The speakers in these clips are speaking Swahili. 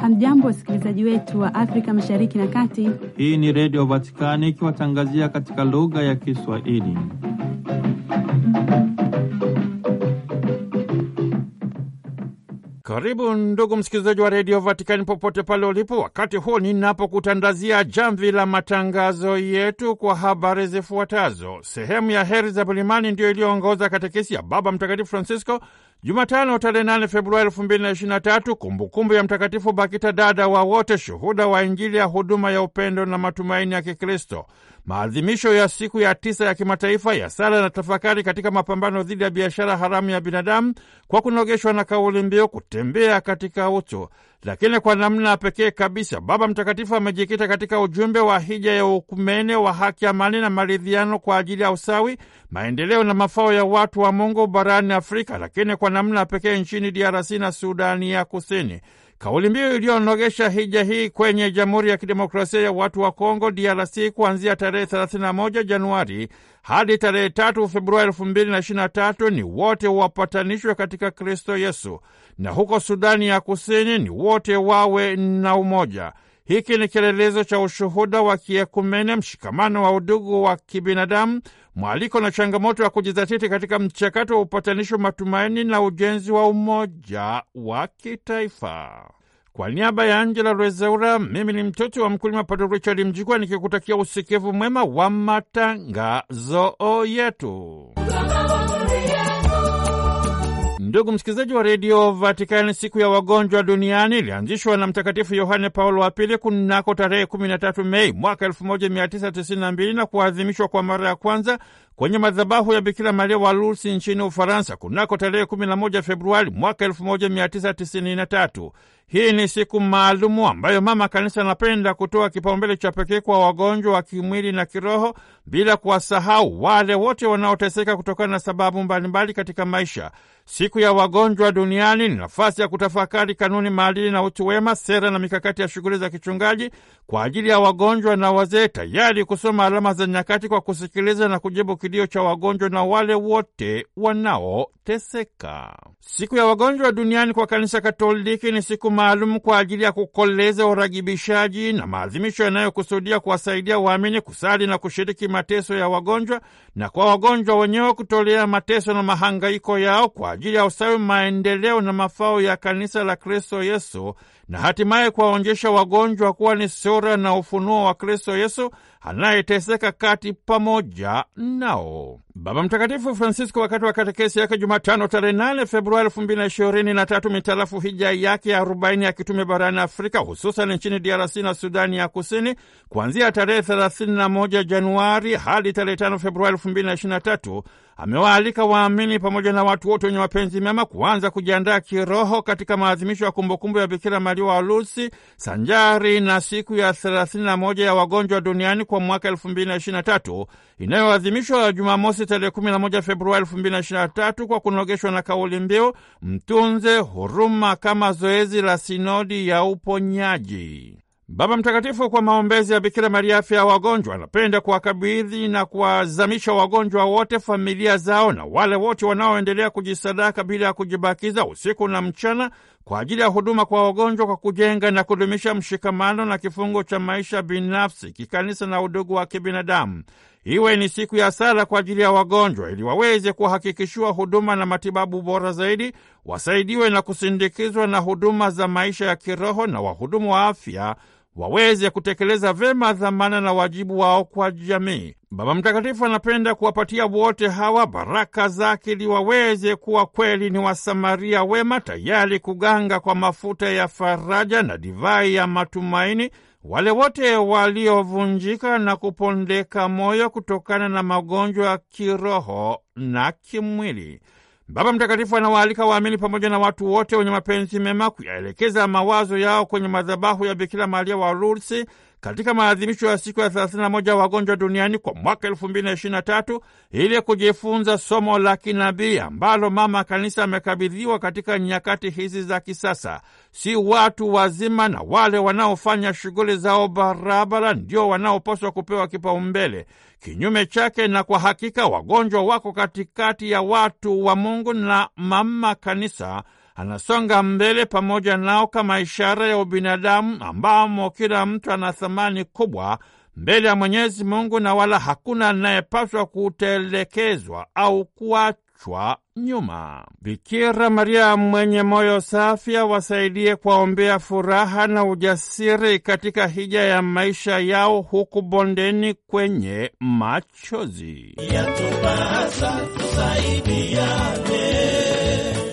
Hamjambo, wasikilizaji wetu wa Afrika mashariki na kati. Hii ni Redio Vatikani ikiwatangazia katika lugha ya Kiswahili. Karibu ndugu msikilizaji wa Redio Vatikani popote pale ulipo, wakati huu ninapokutandazia jamvi la matangazo yetu kwa habari zifuatazo. Sehemu ya heri za Bulimani ndiyo iliyoongoza katekesi ya Baba Mtakatifu Francisco Jumatano tarehe nane Februari elfu mbili na ishirini na tatu, kumbukumbu ya Mtakatifu Bakita, dada wa wote, shuhuda wa Injili ya huduma ya upendo na matumaini ya Kikristo maadhimisho ya siku ya tisa ya kimataifa ya sala na tafakari katika mapambano dhidi ya biashara haramu ya binadamu kwa kunogeshwa na kauli mbiu kutembea katika utu. Lakini kwa namna pekee kabisa, Baba Mtakatifu amejikita katika ujumbe wa hija ya ukumene wa haki, amani na maridhiano kwa ajili ya usawi, maendeleo na mafao ya watu wa Mungu barani Afrika, lakini kwa namna pekee nchini DRC na Sudani ya Kusini. Kauli mbiu iliyonogesha hija hii kwenye Jamhuri ya Kidemokrasia ya Watu wa Kongo DRC kuanzia tarehe 31 Januari hadi tarehe 3 Februari 2023 ni wote wapatanishwe katika Kristo Yesu, na huko Sudani ya Kusini ni wote wawe na umoja. Hiki ni kielelezo cha ushuhuda wa kiekumene, mshikamano wa udugu wa kibinadamu mwaliko na changamoto ya kujizatiti katika mchakato wa upatanishi wa matumaini na ujenzi wa umoja wa kitaifa. Kwa niaba ya Angela Rwezaura, mimi ni mtoto wa mkulima Padre Richard Mjigwa nikikutakia usikivu mwema wa matangazo yetu. Ndugu msikilizaji wa redio Vatikani, siku ya wagonjwa duniani ilianzishwa na Mtakatifu Yohane Paulo wa Pili kunako tarehe 13 Mei mwaka 1992 na kuadhimishwa kwa mara ya kwanza kwenye madhabahu ya Bikira Maria wa Lourdes nchini Ufaransa kunako tarehe 11 Februari mwaka 1993. Hii ni siku maalumu ambayo Mama Kanisa anapenda kutoa kipaumbele cha pekee kwa wagonjwa wa kimwili na kiroho, bila kuwasahau wale wote wanaoteseka kutokana na sababu mbalimbali katika maisha. Siku ya wagonjwa duniani ni nafasi ya kutafakari kanuni, maadili na utu wema, sera na mikakati ya shughuli za kichungaji kwa ajili ya wagonjwa na wazee, tayari kusoma alama za nyakati kwa kusikiliza na kujibu kilio cha wagonjwa na wale wote wanaoteseka. Siku ya wagonjwa duniani kwa Kanisa Katoliki ni siku maalum kwa ajili ya kukoleza uragibishaji na maadhimisho yanayokusudia kuwasaidia waamini kusali na kushiriki mateso ya wagonjwa na kwa wagonjwa wenyewe kutolea mateso na mahangaiko yao kwa ajili ya ustawi, maendeleo na mafao ya kanisa la Kristo Yesu na hatimaye kuwaonjesha wagonjwa kuwa ni sura na ufunuo wa Kristo Yesu anayeteseka kati pamoja nao. Baba Mtakatifu Francisco wakati wa katekesi yake Jumatano tarehe 8 Februari 2023 mitarafu hija yake ya 40 ya kitume barani Afrika, hususan nchini DRC na Sudani ya Kusini, kuanzia tarehe 31 Januari hadi tarehe 5 Februari 2023 amewaalika waamini pamoja na watu wote wenye mapenzi mema kuanza kujiandaa kiroho katika maadhimisho ya kumbukumbu ya Bikira Maria wa Lusi sanjari na siku ya 31 ya wagonjwa duniani kwa mwaka 2023 inayoadhimishwa Jumamosi tarehe 11 Februari 2023 kwa kunogeshwa na kauli mbiu mtunze huruma kama zoezi la sinodi ya uponyaji. Baba Mtakatifu kwa maombezi ya Bikira Maria, afya ya wagonjwa, anapenda kuwakabidhi na kuwazamisha wagonjwa wote, familia zao na wale wote wanaoendelea kujisadaka bila ya kujibakiza usiku na mchana kwa ajili ya huduma kwa wagonjwa, kwa kujenga na kudumisha mshikamano na kifungo cha maisha binafsi, kikanisa na udugu wa kibinadamu. Iwe ni siku ya sala kwa ajili ya wagonjwa ili waweze kuhakikishiwa huduma na matibabu bora zaidi, wasaidiwe na kusindikizwa na huduma za maisha ya kiroho na wahudumu wa afya waweze kutekeleza vema dhamana na wajibu wao kwa jamii. Baba Mtakatifu anapenda kuwapatia wote hawa baraka zake ili waweze kuwa kweli ni Wasamaria wema, tayari kuganga kwa mafuta ya faraja na divai ya matumaini wale wote waliovunjika na kupondeka moyo kutokana na magonjwa ya kiroho na kimwili. Baba Mtakatifu anawaalika waamini pamoja na watu wote wenye mapenzi mema kuyaelekeza mawazo yao kwenye madhabahu ya Bikira Maria wa Lourdes katika maadhimisho ya siku ya 31 wagonjwa duniani kwa mwaka 2023 ili kujifunza somo la kinabii ambalo mama kanisa amekabidhiwa katika nyakati hizi za kisasa. Si watu wazima na wale wanaofanya shughuli zao barabara ndio wanaopaswa kupewa kipaumbele. Kinyume chake, na kwa hakika wagonjwa wako katikati ya watu wa Mungu na mama kanisa anasonga mbele pamoja nao kama ishara ya ubinadamu ambamo kila mtu ana thamani kubwa mbele ya Mwenyezi Mungu na wala hakuna anayepaswa kutelekezwa au kuachwa nyuma. Bikira Maria mwenye moyo safi awasaidie kuwaombea furaha na ujasiri katika hija ya maisha yao huku bondeni kwenye machozi Yatubasa,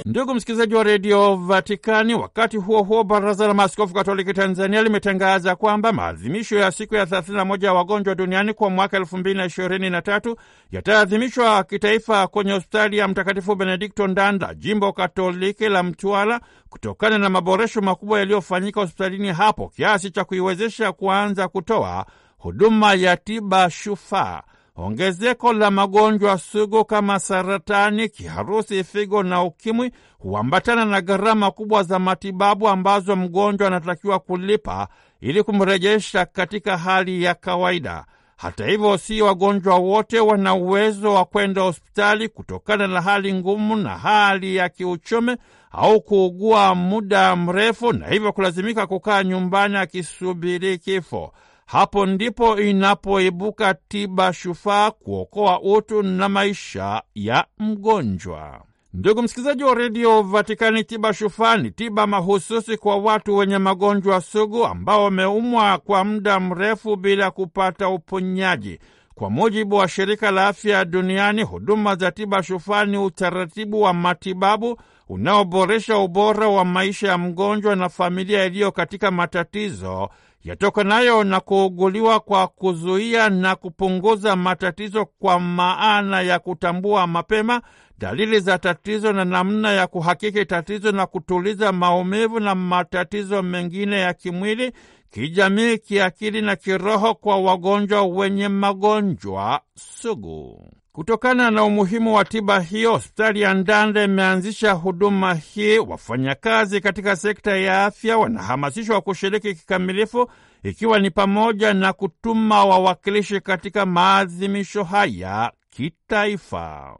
Ndugu msikilizaji wa redio Vatikani, wakati huo huo, baraza la maaskofu katoliki Tanzania limetangaza kwamba maadhimisho ya siku ya 31 ya wagonjwa duniani kwa mwaka 2023 yataadhimishwa kitaifa kwenye hospitali ya Mtakatifu Benedikto Ndanda, jimbo katoliki la Mtwara, kutokana na maboresho makubwa yaliyofanyika hospitalini hapo kiasi cha kuiwezesha kuanza kutoa huduma ya tiba shufaa ongezeko la magonjwa sugu kama saratani, kiharusi, figo na ukimwi huambatana na gharama kubwa za matibabu ambazo mgonjwa anatakiwa kulipa ili kumrejesha katika hali ya kawaida. Hata hivyo, si wagonjwa wote wana uwezo wa kwenda hospitali kutokana na hali ngumu na hali ya kiuchumi au kuugua muda mrefu, na hivyo kulazimika kukaa nyumbani akisubiri kifo. Hapo ndipo inapoibuka tiba shufaa kuokoa utu na maisha ya mgonjwa. Ndugu msikilizaji wa redio Vatikani, tiba shufaa ni tiba mahususi kwa watu wenye magonjwa sugu ambao wameumwa kwa muda mrefu bila kupata uponyaji. Kwa mujibu wa shirika la afya duniani, huduma za tiba shufaa ni utaratibu wa matibabu unaoboresha ubora wa maisha ya mgonjwa na familia iliyo katika matatizo yatokanayo na kuuguliwa kwa kuzuia na kupunguza matatizo kwa maana ya kutambua mapema dalili za tatizo na namna ya kuhakiki tatizo na kutuliza maumivu na matatizo mengine ya kimwili, kijamii, kiakili na kiroho kwa wagonjwa wenye magonjwa sugu. Kutokana na umuhimu wa tiba hiyo, hospitali ya Ndande imeanzisha huduma hii. Wafanyakazi katika sekta ya afya wanahamasishwa kushiriki kikamilifu, ikiwa ni pamoja na kutuma wawakilishi katika maadhimisho haya kitaifa.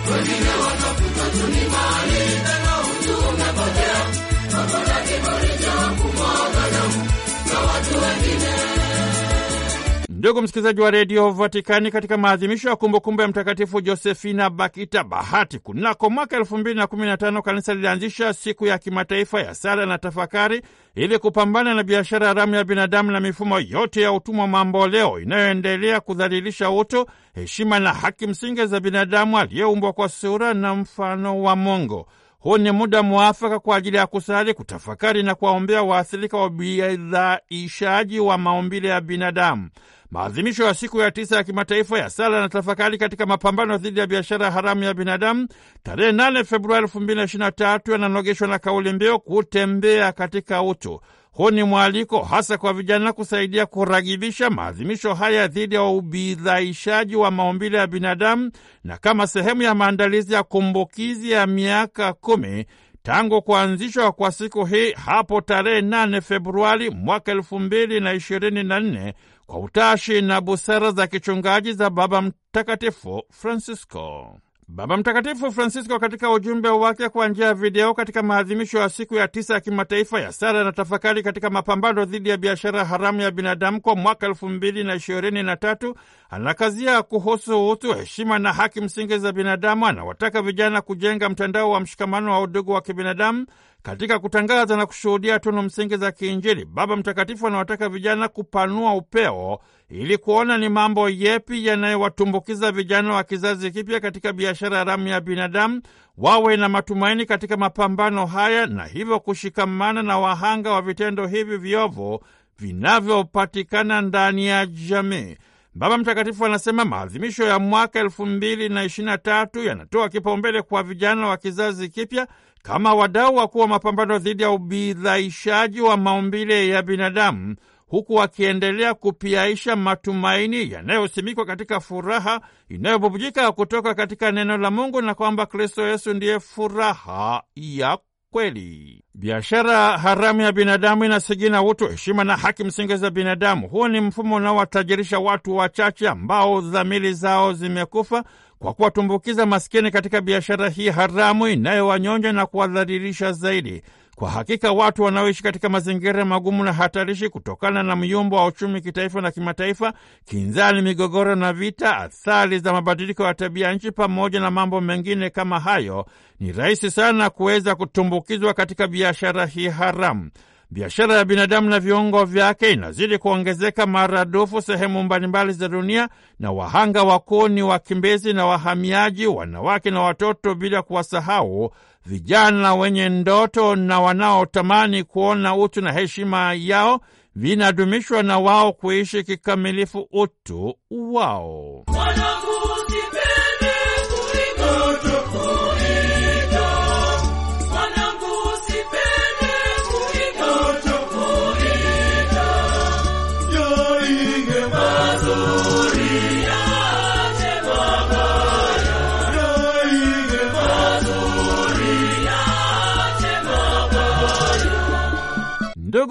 Ndugu msikilizaji wa redio Vatikani, katika maadhimisho ya kumbukumbu ya Mtakatifu Josefina Bakita Bahati kunako mwaka elfu mbili na kumi na tano kanisa lilianzisha siku ya kimataifa ya sala na tafakari ili kupambana na biashara haramu ya binadamu na mifumo yote ya utumwa mamboleo inayoendelea kudhalilisha utu, heshima na haki msingi za binadamu aliyeumbwa kwa sura na mfano wa Mungu. Huu ni muda mwafaka kwa ajili ya kusali, kutafakari na kuwaombea waathirika wa ubidhaishaji wa maumbile ya binadamu. Maadhimisho ya siku ya tisa ya kimataifa ya sala na tafakari katika mapambano dhidi ya biashara haramu ya binadamu tarehe 8 Februari 2023 yananogeshwa na kauli mbiu kutembea katika utu. Huu ni mwaliko hasa kwa vijana kusaidia kuragibisha maadhimisho haya dhidi ya ubidhaishaji wa maumbile ya binadamu na kama sehemu ya maandalizi ya kumbukizi ya miaka kumi tangu kuanzishwa kwa siku hii hapo tarehe 8 Februari mwaka elfu mbili na ishirini na nne kwa utashi na busara za kichungaji za Baba Mtakatifu Francisco. Baba Mtakatifu Francisco katika ujumbe wake kwa njia ya video katika maadhimisho ya siku ya tisa ya kimataifa ya sara na tafakari katika mapambano dhidi ya biashara haramu ya binadamu kwa mwaka elfu mbili na ishirini na tatu anakazia kuhusu utu, heshima na haki msingi za binadamu. Anawataka vijana kujenga mtandao wa mshikamano wa udugu wa kibinadamu katika kutangaza na kushuhudia tunu msingi za kiinjili, Baba Mtakatifu anawataka vijana kupanua upeo ili kuona ni mambo yepi yanayowatumbukiza vijana wa kizazi kipya katika biashara haramu ya binadamu, wawe na matumaini katika mapambano haya na hivyo kushikamana na wahanga wa vitendo hivi viovu vinavyopatikana ndani ya jamii. Baba Mtakatifu anasema maadhimisho ya mwaka elfu mbili na ishirini na tatu yanatoa kipaumbele kwa vijana wa kizazi kipya kama wadau wakuu wa mapambano dhidi ya ubidhaishaji wa maumbile ya binadamu huku wakiendelea kupiaisha matumaini yanayosimikwa katika furaha inayobubujika kutoka katika neno la Mungu na kwamba Kristo Yesu ndiye furaha ya kweli. Biashara haramu ya binadamu inasigina utu, heshima na haki msingi za binadamu. Huu ni mfumo unaowatajirisha watu wachache ambao dhamiri zao zimekufa kwa kuwatumbukiza maskini katika biashara hii haramu inayowanyonja na kuwadhalilisha zaidi. Kwa hakika watu wanaoishi katika mazingira magumu na hatarishi kutokana na myumbo wa uchumi kitaifa na kimataifa, kinzani, migogoro na vita, athari za mabadiliko ya tabia nchi, pamoja na mambo mengine kama hayo, ni rahisi sana kuweza kutumbukizwa katika biashara hii haramu. Biashara ya binadamu na viungo vyake inazidi kuongezeka maradufu sehemu mbalimbali za dunia, na wahanga wakuu ni wakimbizi na wahamiaji, wanawake na watoto, bila kuwasahau vijana wenye ndoto na wanaotamani kuona utu na heshima yao vinadumishwa na wao kuishi kikamilifu utu wao Wanaku.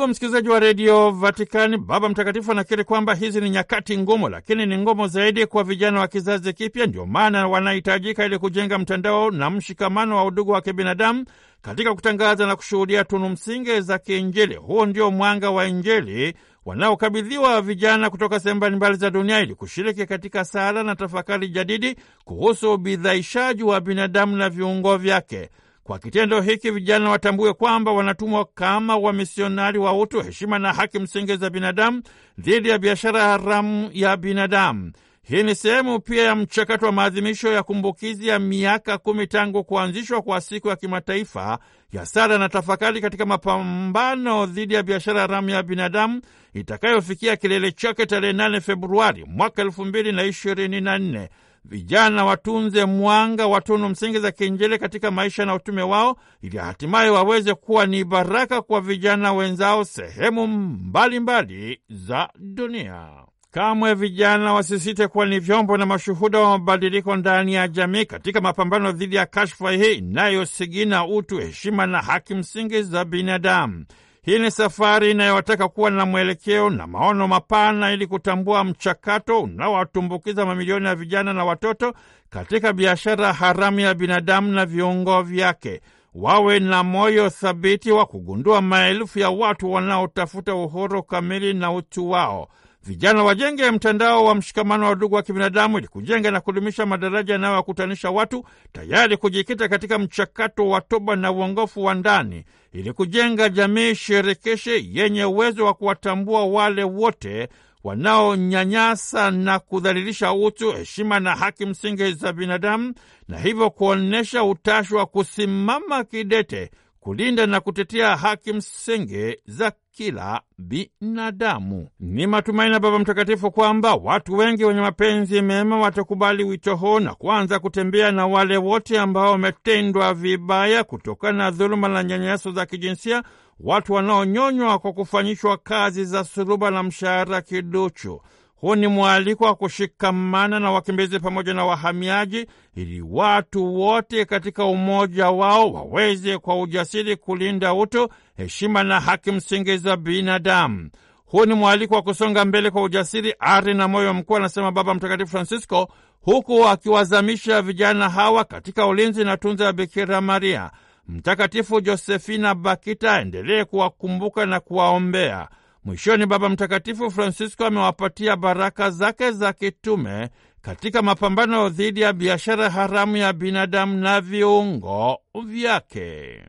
Ndugu msikilizaji wa redio Vatikani, Baba Mtakatifu anakiri kwamba hizi ni nyakati ngumu, lakini ni ngumu zaidi kwa vijana wa kizazi kipya. Ndio maana wanahitajika ili kujenga mtandao na mshikamano wa udugu wa kibinadamu katika kutangaza na kushuhudia tunu msingi za kiinjili. Huo ndio mwanga wa Injili wanaokabidhiwa vijana kutoka sehemu mbalimbali za dunia ili kushiriki katika sala na tafakari jadidi kuhusu ubidhaishaji wa binadamu na viungo vyake. Kwa kitendo hiki vijana watambue kwamba wanatumwa kama wamisionari wa utu, heshima na haki msingi za binadamu dhidi ya biashara haramu ya binadamu. Hii ni sehemu pia ya mchakato wa maadhimisho ya kumbukizi ya miaka kumi tangu kuanzishwa kwa siku ya kimataifa ya sara na tafakari katika mapambano dhidi ya biashara haramu ya binadamu itakayofikia kilele chake tarehe 8 Februari mwaka elfu mbili na ishirini na nne vijana watunze mwanga wa tunu msingi za kiinjili katika maisha na utume wao, ili hatimaye waweze kuwa ni baraka kwa vijana wenzao sehemu mbalimbali mbali za dunia. Kamwe vijana wasisite kuwa ni vyombo na mashuhuda wa mabadiliko ndani ya jamii katika mapambano dhidi ya kashfa hii inayosigina utu, heshima na haki msingi za binadamu. Hii ni safari inayowataka kuwa na mwelekeo na maono mapana ili kutambua mchakato unaowatumbukiza mamilioni ya vijana na watoto katika biashara haramu ya binadamu na viungo vyake. Wawe na moyo thabiti wa kugundua maelfu ya watu wanaotafuta uhuru kamili na utu wao. Vijana wajenge mtandao wa mshikamano wa udugu wa kibinadamu ili kujenga na kudumisha madaraja yanayowakutanisha watu, tayari kujikita katika mchakato wa toba na uongofu wa ndani ili kujenga jamii shirikishi yenye uwezo wa kuwatambua wale wote wanaonyanyasa na kudhalilisha utu, heshima na haki msingi za binadamu, na hivyo kuonyesha utashi wa kusimama kidete kulinda na kutetea haki msingi za kila binadamu. Ni matumaini ya Baba Mtakatifu kwamba watu wengi wenye mapenzi mema watakubali wito huu na kuanza kutembea na wale wote ambao wametendwa vibaya kutokana na dhuluma na nyanyaso za kijinsia, watu wanaonyonywa kwa kufanyishwa kazi za suluba na mshahara kiduchu. Huu ni mwaliko wa kushikamana na wakimbizi pamoja na wahamiaji ili watu wote katika umoja wao waweze kwa ujasiri kulinda utu, heshima na haki msingi za binadamu. Huu ni mwaliko wa kusonga mbele kwa ujasiri, ari na moyo mkuu, anasema Baba Mtakatifu Francisco, huku akiwazamisha vijana hawa katika ulinzi na tunza ya Bikira Maria. Mtakatifu Josefina Bakita aendelee kuwakumbuka na kuwaombea. Mwishoni, Baba Mtakatifu Francisco amewapatia baraka zake za kitume katika mapambano dhidi ya biashara haramu ya binadamu na viungo vyake.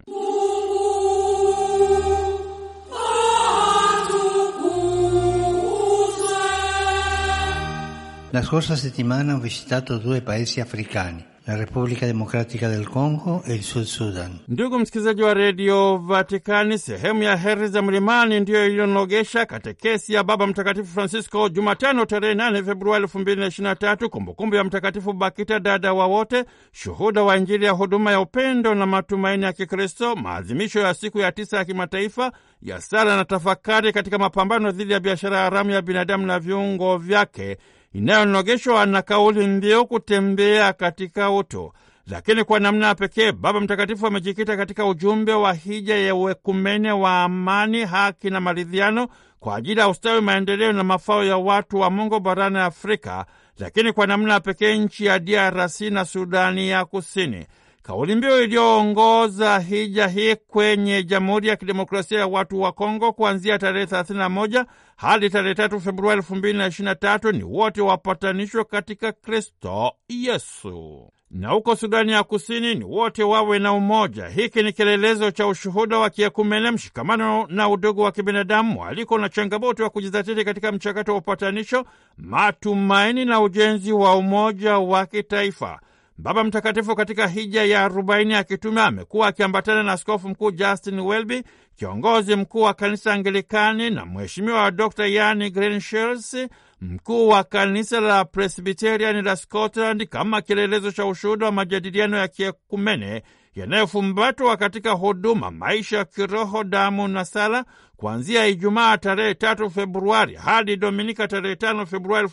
La scorsa settimana ho visitato due paesi africani la Republika Demokratika del Congo el Sud Sudan. Ndugu msikilizaji wa redio Vatikani, sehemu ya heri za mlimani ndiyo iliyonogesha katekesi ya Baba Mtakatifu Francisco Jumatano tarehe 8 Februari 2023, kumbukumbu ya Mtakatifu Bakita, dada wa wote, shuhuda wa Injili ya huduma ya upendo na matumaini ya Kikristo, maadhimisho ya siku ya tisa ya kimataifa ya sala na tafakari katika mapambano dhidi ya biashara haramu ya binadamu na viungo vyake inayonogeshwa na kauli mbiu kutembea katika utu. Lakini kwa namna pekee Baba Mtakatifu amejikita katika ujumbe wa hija ya uekumene wa amani, haki na maridhiano kwa ajili ya ustawi, maendeleo na mafao ya watu wa Mungu barani Afrika, lakini kwa namna pekee nchi ya DRC na Sudani ya Kusini. Kauli mbiu iliyoongoza hija hii kwenye Jamhuri ya Kidemokrasia ya Watu wa Kongo kuanzia tarehe 31 hadi tarehe 3 Februari 2023 ni wote wapatanishwe katika Kristo Yesu na huko Sudani ya Kusini ni wote wawe na umoja. Hiki ni kielelezo cha ushuhuda wa kiekumene, mshikamano na udugu wa kibinadamu, aliko na changamoto wa kujizatiti katika mchakato wa upatanisho, matumaini na ujenzi wa umoja wa kitaifa. Baba Mtakatifu katika hija ya arobaini ya kitume amekuwa akiambatana na Askofu Mkuu Justin Welby, kiongozi mkuu wa kanisa Anglikani, na Mheshimiwa Dr Yani Grenshels, mkuu wa kanisa la Presbiteriani la Scotland, kama kielelezo cha ushuhuda wa majadiliano ya kiekumene yanayofumbatwa katika huduma, maisha ya kiroho, damu na sala, kuanzia Ijumaa tarehe 3 Februari hadi Dominika tarehe 5 Februari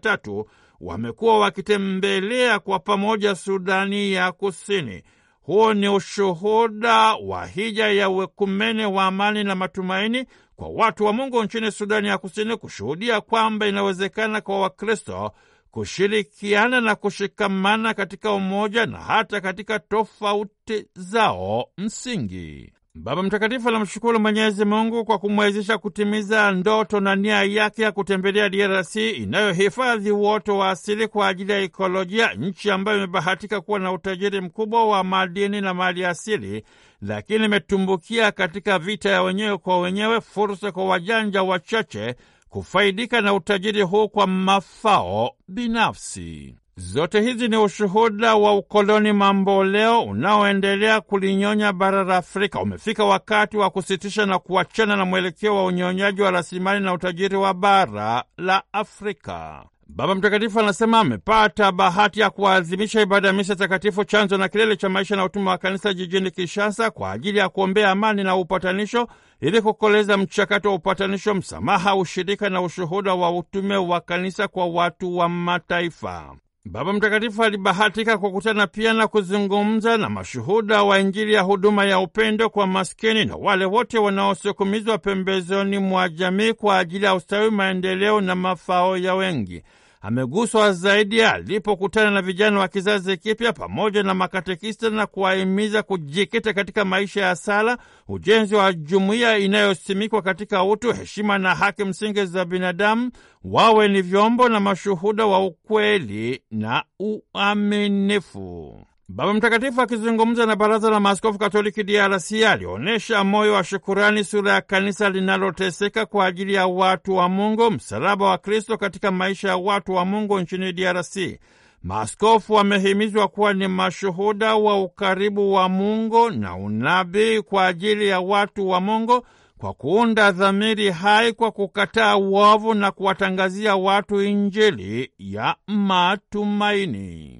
tatu wamekuwa wakitembelea kwa pamoja Sudani ya Kusini. Huo ni ushuhuda wa hija ya uekumene wa amani na matumaini kwa watu wa Mungu nchini Sudani ya Kusini, kushuhudia kwamba inawezekana kwa Wakristo kushirikiana na kushikamana katika umoja na hata katika tofauti zao msingi. Baba Mtakatifu alimshukuru Mwenyezi Mungu kwa kumwezesha kutimiza ndoto na nia yake ya kutembelea DRC inayohifadhi uoto wa asili kwa ajili ya ikolojia, nchi ambayo imebahatika kuwa na utajiri mkubwa wa madini na mali asili, lakini imetumbukia katika vita ya wenyewe kwa wenyewe, fursa kwa wajanja wachache kufaidika na utajiri huu kwa mafao binafsi. Zote hizi ni ushuhuda wa ukoloni mamboleo unaoendelea kulinyonya bara la Afrika. Umefika wakati wa kusitisha na kuachana na mwelekeo wa unyonyaji wa rasilimali na utajiri wa bara la Afrika. Baba Mtakatifu anasema amepata bahati ya kuadhimisha ibada ya misa takatifu, chanzo na kilele cha maisha na utume wa kanisa jijini Kinshasa, kwa ajili ya kuombea amani na upatanisho, ili kukoleza mchakato wa upatanisho, msamaha, ushirika na ushuhuda wa utume wa kanisa kwa watu wa mataifa. Baba Mtakatifu alibahatika kukutana pia na kuzungumza na mashuhuda wa Injili ya huduma ya upendo kwa maskini na wale wote wanaosukumizwa pembezoni mwa jamii kwa ajili ya ustawi, maendeleo na mafao ya wengi ameguswa zaidi alipokutana na vijana wa kizazi kipya pamoja na makatekista na kuwahimiza kujikita katika maisha ya sala, ujenzi wa jumuiya inayosimikwa katika utu, heshima na haki msingi za binadamu, wawe ni vyombo na mashuhuda wa ukweli na uaminifu. Baba Mtakatifu akizungumza na Baraza la Maaskofu Katoliki DRC alionyesha moyo wa shukurani, sura ya kanisa linaloteseka kwa ajili ya watu wa Mungu, msalaba wa Kristo katika maisha ya watu wa Mungu nchini DRC. Maaskofu wamehimizwa kuwa ni mashuhuda wa ukaribu wa Mungu na unabii kwa ajili ya watu wa Mungu kwa kuunda dhamiri hai kwa kukataa uovu na kuwatangazia watu Injili ya matumaini.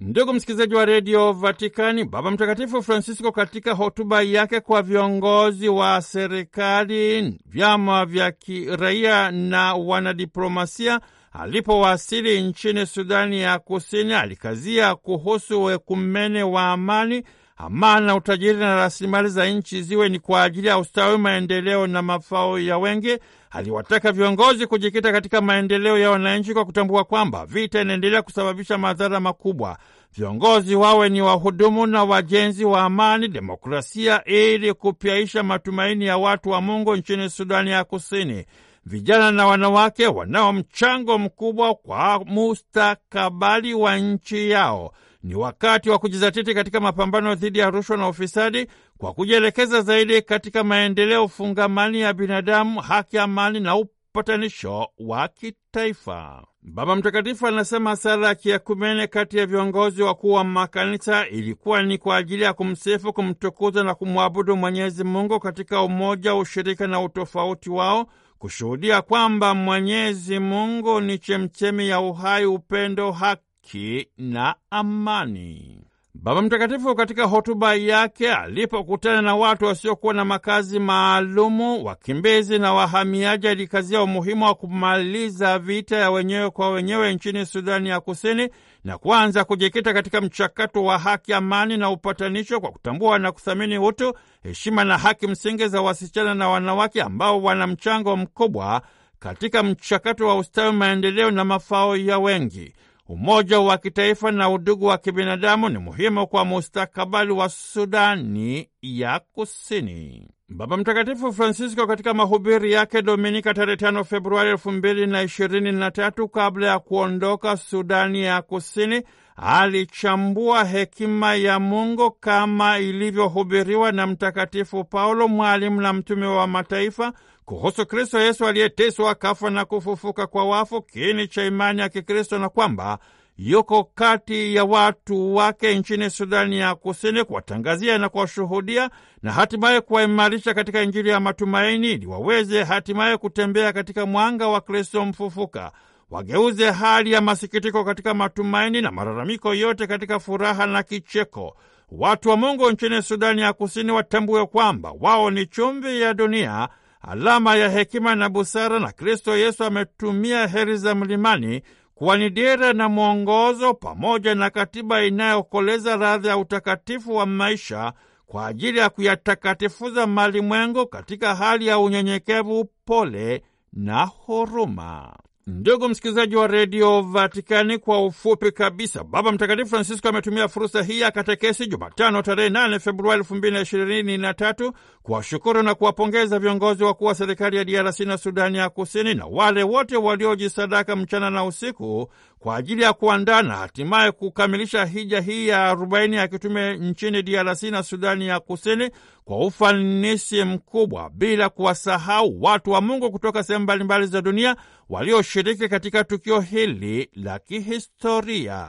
Ndugu msikilizaji wa redio Vatikani, Baba Mtakatifu Francisco katika hotuba yake kwa viongozi wa serikali, vyama vya kiraia na wanadiplomasia alipowasili nchini Sudani ya Kusini, alikazia kuhusu wekumene wa amani amani na utajiri na rasilimali za nchi ziwe ni kwa ajili ya ustawi, maendeleo na mafao ya wengi. Aliwataka viongozi kujikita katika maendeleo ya wananchi kwa kutambua kwamba vita inaendelea kusababisha madhara makubwa. Viongozi wawe ni wahudumu na wajenzi wa amani, demokrasia, ili kupyaisha matumaini ya watu wa Mungu nchini Sudani ya Kusini. Vijana na wanawake wanao mchango mkubwa kwa mustakabali wa nchi yao. Ni wakati wa kujizatiti katika mapambano dhidi ya rushwa na ufisadi kwa kujielekeza zaidi katika maendeleo fungamani ya binadamu, haki, amani na upatanisho wa kitaifa. Baba Mtakatifu anasema sala ya kiakumene kati ya viongozi wakuu wa makanisa ilikuwa ni kwa ajili ya kumsifu, kumtukuza na kumwabudu Mwenyezi Mungu katika umoja, ushirika na utofauti wao, kushuhudia kwamba Mwenyezi Mungu ni chemchemi ya uhai, upendo, haki haki na amani. Baba Mtakatifu katika hotuba yake alipokutana na watu wasiokuwa na makazi maalumu, wakimbizi na wahamiaji, alikazia umuhimu wa kumaliza vita ya wenyewe kwa wenyewe nchini Sudani ya Kusini na kuanza kujikita katika mchakato wa haki, amani na upatanisho kwa kutambua na kuthamini utu, heshima na haki msingi za wasichana na wanawake ambao wana mchango mkubwa katika mchakato wa ustawi, maendeleo na mafao ya wengi. Umoja wa kitaifa na udugu wa kibinadamu ni muhimu kwa mustakabali wa Sudani ya Kusini. Baba Mtakatifu Francisco katika mahubiri yake Dominika tarehe tano Februari elfu mbili na ishirini na tatu kabla ya kuondoka Sudani ya Kusini alichambua hekima ya Mungu kama ilivyohubiriwa na Mtakatifu Paulo, mwalimu na mtume wa mataifa kuhusu Kristo Yesu aliyeteswa akafa na kufufuka kwa wafu, kiini cha imani ya Kikristo, na kwamba yuko kati ya watu wake nchini Sudani ya Kusini, kuwatangazia na kuwashuhudia na hatimaye kuwaimarisha katika Injili ya matumaini, ili waweze hatimaye kutembea katika mwanga wa Kristo mfufuka, wageuze hali ya masikitiko katika matumaini na malalamiko yote katika furaha na kicheko. Watu wa Mungu nchini Sudani ya Kusini watambue kwamba wao ni chumvi ya dunia alama ya hekima na busara, na Kristo Yesu ametumia heri za mlimani kuwa ni dira na mwongozo, pamoja na katiba inayokoleza radhi ya utakatifu wa maisha kwa ajili ya kuyatakatifuza malimwengu katika hali ya unyenyekevu, pole na huruma. Ndugu msikilizaji wa redio Vatikani, kwa ufupi kabisa, Baba Mtakatifu Francisco ametumia fursa hii ya katekesi Jumatano tarehe 8 Februari elfu mbili na ishirini na tatu kuwashukuru na kuwapongeza viongozi wakuu wa serikali ya DRC na Sudani ya Kusini na wale wote waliojisadaka mchana na usiku kwa ajili ya kuandaa na hatimaye kukamilisha hija hii ya arobaini ya kitume nchini DRC na Sudani ya Kusini kwa ufanisi mkubwa, bila kuwasahau watu wa Mungu kutoka sehemu mbalimbali za dunia walioshiriki katika tukio hili la kihistoria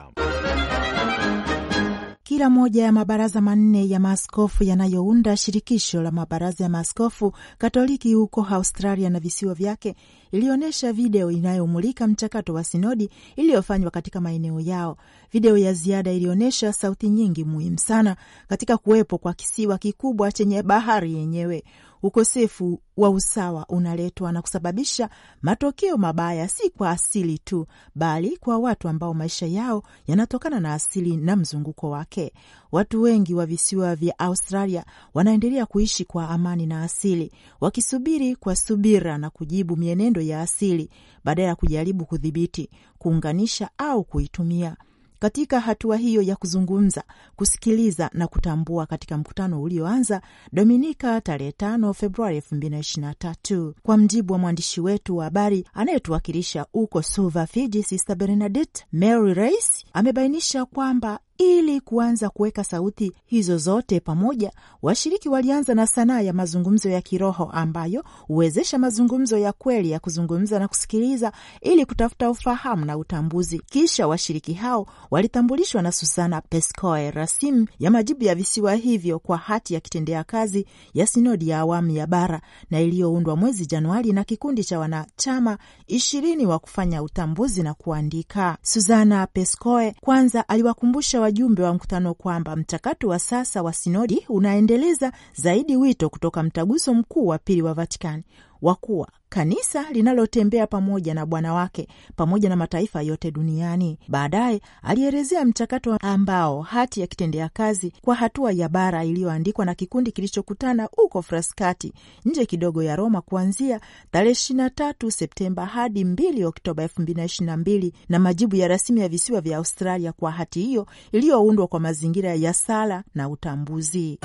kila moja ya mabaraza manne ya maaskofu yanayounda shirikisho la mabaraza ya maaskofu Katoliki huko Australia na visiwa vyake ilionyesha video inayomulika mchakato wa sinodi iliyofanywa katika maeneo yao. Video ya ziada ilionyesha sauti nyingi muhimu sana katika kuwepo kwa kisiwa kikubwa chenye bahari yenyewe Ukosefu wa usawa unaletwa na kusababisha matokeo mabaya, si kwa asili tu, bali kwa watu ambao maisha yao yanatokana na asili na mzunguko wake. Watu wengi wa visiwa vya Australia wanaendelea kuishi kwa amani na asili, wakisubiri kwa subira na kujibu mienendo ya asili badala ya kujaribu kudhibiti, kuunganisha au kuitumia. Katika hatua hiyo ya kuzungumza, kusikiliza na kutambua, katika mkutano ulioanza Dominika tarehe 5 Februari 2023 kwa mjibu wa mwandishi wetu wa habari anayetuwakilisha huko Suva, Fiji, Sister Bernadette Mary Rais amebainisha kwamba ili kuanza kuweka sauti hizo zote pamoja, washiriki walianza na sanaa ya mazungumzo ya kiroho ambayo huwezesha mazungumzo ya kweli ya kuzungumza na kusikiliza ili kutafuta ufahamu na utambuzi. Kisha washiriki hao walitambulishwa na Susana Pescoe, rasimu ya majibu ya visiwa hivyo kwa hati ya kitendea kazi ya sinodi ya awamu ya bara na iliyoundwa mwezi Januari na kikundi cha wanachama ishirini wa kufanya utambuzi na kuandika. Susana Pescoe kwanza aliwakumbusha wajumbe wa mkutano kwamba mchakato wa sasa wa sinodi unaendeleza zaidi wito kutoka mtaguso mkuu wa pili wa Vatikani wa kuwa kanisa linalotembea pamoja na Bwana wake pamoja na mataifa yote duniani. Baadaye alielezea mchakato ambao hati ya kitendea kazi kwa hatua ya bara iliyoandikwa na kikundi kilichokutana huko Fraskati nje kidogo ya Roma kuanzia tarehe 23 Septemba hadi 2 Oktoba 2022 na majibu ya rasimu ya visiwa vya Australia kwa hati hiyo iliyoundwa kwa mazingira ya sala na utambuzi.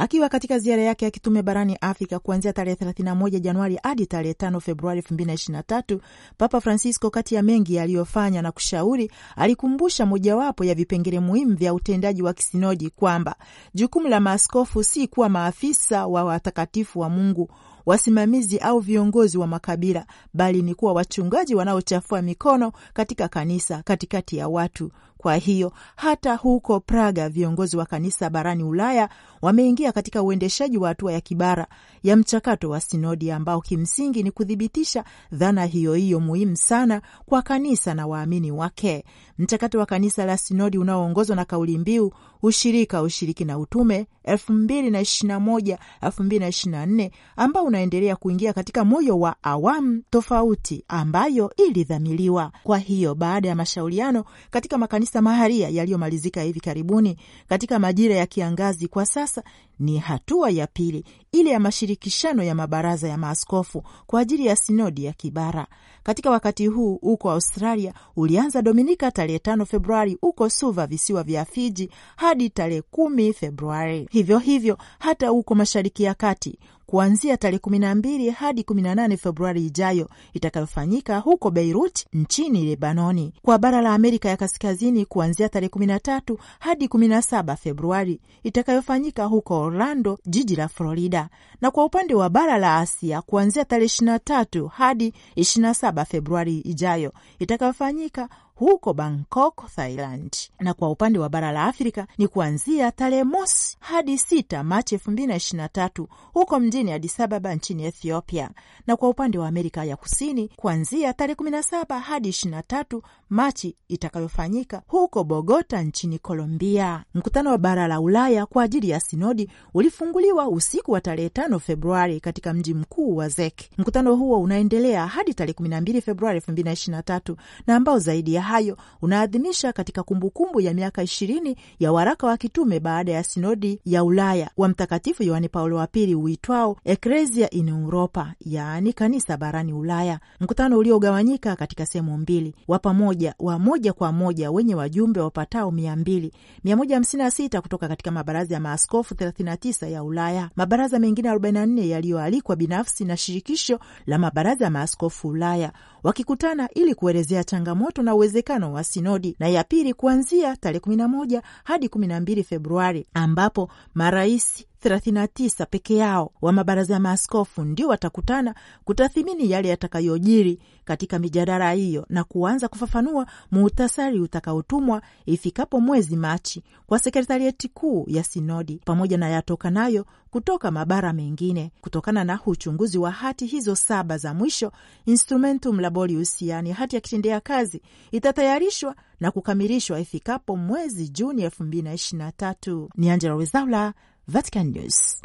Akiwa katika ziara yake ya kitume barani Afrika kuanzia tarehe 31 Januari hadi tarehe 5 Februari 2023, Papa Francisco, kati ya mengi yaliyofanya na kushauri, alikumbusha mojawapo ya vipengele muhimu vya utendaji wa kisinodi kwamba jukumu la maaskofu si kuwa maafisa wa watakatifu wa Mungu wasimamizi au viongozi wa makabila, bali ni kuwa wachungaji wanaochafua mikono katika kanisa, katikati ya watu, kwa hiyo hata huko Praga viongozi wa kanisa barani Ulaya wameingia katika uendeshaji wa hatua ya kibara ya mchakato wa sinodi ambao kimsingi ni kuthibitisha dhana hiyo hiyo muhimu sana kwa kanisa na waamini wake. Mchakato wa kanisa la sinodi unaoongozwa na kauli mbiu ushirika, ushiriki na utume 2021 2024 ambao unaendelea kuingia katika moyo wa awamu tofauti ambayo ilidhamiliwa. Kwa hiyo baada ya mashauriano katika makanisa misamaharia yaliyomalizika hivi karibuni katika majira ya kiangazi kwa sasa ni hatua ya pili, ile ya mashirikishano ya mabaraza ya maaskofu kwa ajili ya sinodi ya kibara. Katika wakati huu huko Australia ulianza Dominika tarehe 5 Februari huko Suva, visiwa vya Fiji, hadi tarehe 10 Februari. Hivyo hivyo hata huko Mashariki ya Kati kuanzia tarehe 12 hadi 18 Februari ijayo itakayofanyika huko Beirut nchini Lebanoni. Kwa bara la Amerika ya Kaskazini kuanzia tarehe 13 hadi 17 Februari itakayofanyika huko Orlando, jiji la Florida, na kwa upande wa bara la Asia kuanzia tarehe 23 hadi 27 Februari ijayo itakayofanyika huko Bangkok, Thailand. Na kwa upande wa bara la Afrika ni kuanzia tarehe mosi hadi sita Machi elfu mbili na ishirini na tatu huko mjini Addis Ababa nchini Ethiopia, na kwa upande wa Amerika ya Kusini kuanzia tarehe kumi na saba hadi ishirini na tatu Machi itakayofanyika huko Bogota nchini Colombia. Mkutano wa bara la Ulaya kwa ajili ya sinodi ulifunguliwa usiku wa tarehe tano Februari katika mji mkuu wa Zek. Mkutano huo unaendelea hadi tarehe kumi na mbili Februari elfu mbili na ishirini na tatu na ambao zaidi ya hayo unaadhimisha katika kumbukumbu ya miaka ishirini ya waraka wa kitume baada ya sinodi ya Ulaya wa Mtakatifu Yohane Paulo wa Pili uitwao Ecclesia in Europa, yaani kanisa barani Ulaya, mkutano uliogawanyika katika sehemu mbili wa pamoja wa moja kwa moja wenye wajumbe wapatao mia mbili mia moja hamsini na sita kutoka katika mabaraza ya maaskofu 39 ya Ulaya, mabaraza mengine 44 yaliyoalikwa binafsi na shirikisho la mabaraza ya maaskofu Ulaya, wakikutana ili kuelezea changamoto na uwezekano uwezekano wa sinodi na ya pili kuanzia tarehe kumi na moja hadi kumi na mbili Februari ambapo marais 39 peke yao wa mabaraza ya maaskofu ndio watakutana kutathimini yale yatakayojiri katika mijadala hiyo na kuanza kufafanua muhtasari utakaotumwa ifikapo mwezi Machi kwa sekretarieti kuu ya sinodi pamoja na yatokanayo kutoka mabara mengine kutokana na uchunguzi wa hati hizo saba za mwisho. Instrumentum Laborius, yaani hati ya kitendea kazi, itatayarishwa na kukamilishwa ifikapo mwezi Juni 2023. Ni Angela Wezaula, Vatican News.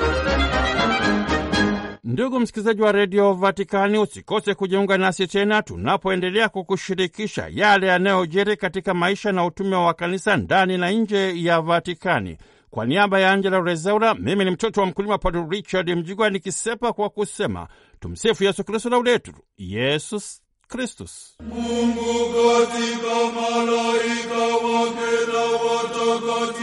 Ndugu msikilizaji wa redio Vatikani, usikose kujiunga nasi tena tunapoendelea kukushirikisha yale yanayojiri katika maisha na utume wa kanisa ndani na nje ya Vatikani. Kwa niaba ya Angela Rezaura, mimi ni mtoto wa mkulima Padre Richard Mjigwa nikisepa kwa kusema tumsifu Yesu Kristu, laudetur Yesus Kristus. Mungu katika malaika wake na watakatifu